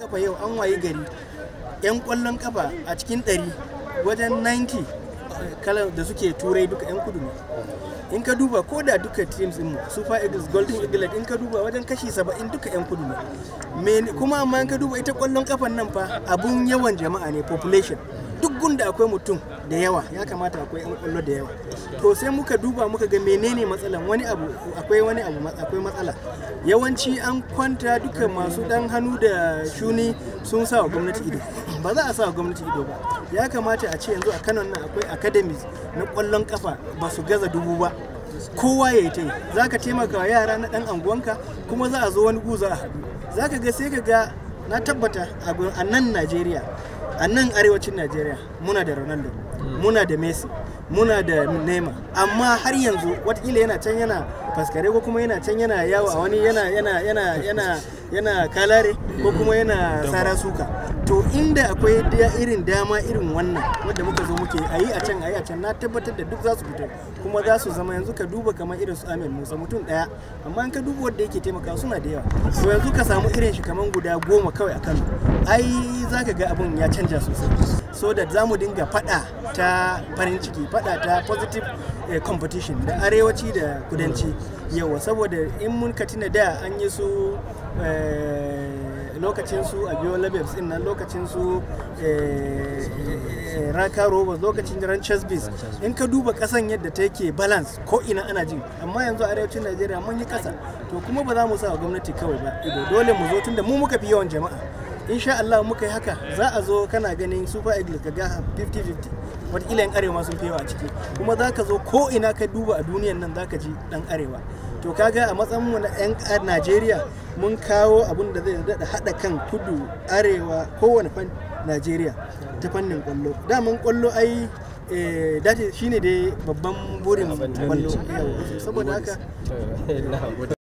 kafa yau an waye gari yan kwallon kafa a cikin ɗari wajen 90 kalar da suke turai duka yan kudu ne in ka duba ko da duka teams mu super eagles golden eagles in ka duba wajen kashi 70 duka yan kudu ne kuma amma in ka duba ita kwallon kafan nan fa abun yawan jama'a ne population duk gunda akwai mutum da yawa ya kamata akwai yan kwallo da yawa to sai muka duba muka ga menene matsalan wani abu akwai wani abu akwai matsala yawanci an kwanta duka masu dan hannu da shuni sun sa wa gwamnati ido ba za a sa wa gwamnati ido ba ya kamata a ce yanzu a kanon nan akwai academies na kwallon kafa ba su gaza dubu ba kowa ya yi ta yi za ka taimaka wa yara na dan anguwanka kuma za a zo wani guza a haɗu za ka ga sai ka ga na tabbata a nan najeriya a nan arewacin najeriya muna da ronaldo hmm. muna da messi muna da neymar amma har yanzu watakila yana can yana faskare ko kuma yana can yana yawo a wani yana yana yana yana yana kalare ko kuma yana sara suka to inda akwai irin dama irin wannan wanda muka zo muke ayi a can ayi a can na tabbatar da duk za su fito kuma za su zama yanzu ka duba kamar irin su Amin Musa mutum daya amma in ka duba wanda yake taimaka suna da yawa to yanzu ka samu irin shi kamar guda goma kawai a Kano ai zaka ga abun ya canja sosai so da za mu dinga fada ta farin ciki fada ta positive eh, competition da arewaci da kudanci yawa saboda in mun katina da an yi su eh, lokacin su a biyo labels din nan lokacin su eh, raka rovers lokacin ran chesbis in ka duba kasan yadda ta yake balance ko ina ana jin amma yanzu arewacin najeriya mun yi kasa to kuma ba za mu sa gwamnati kawai ba dole mu zo da mu muka fi yawan jama'a insha Allah muka yi haka za a zo kana ganin super eagles ga 50-50 wata yan arewa sun fewa a ciki kuma za ka zo ko ina ka duba a duniyan nan za ka ji dan arewa to kaga a matsayin mu na yan Najeriya mun kawo abin da zai daɗa haɗa kan kudu arewa kowane fan Najeriya ta fannin kwallo daman kwallo ai dace eh, shine dai babban burin kwallo saboda haka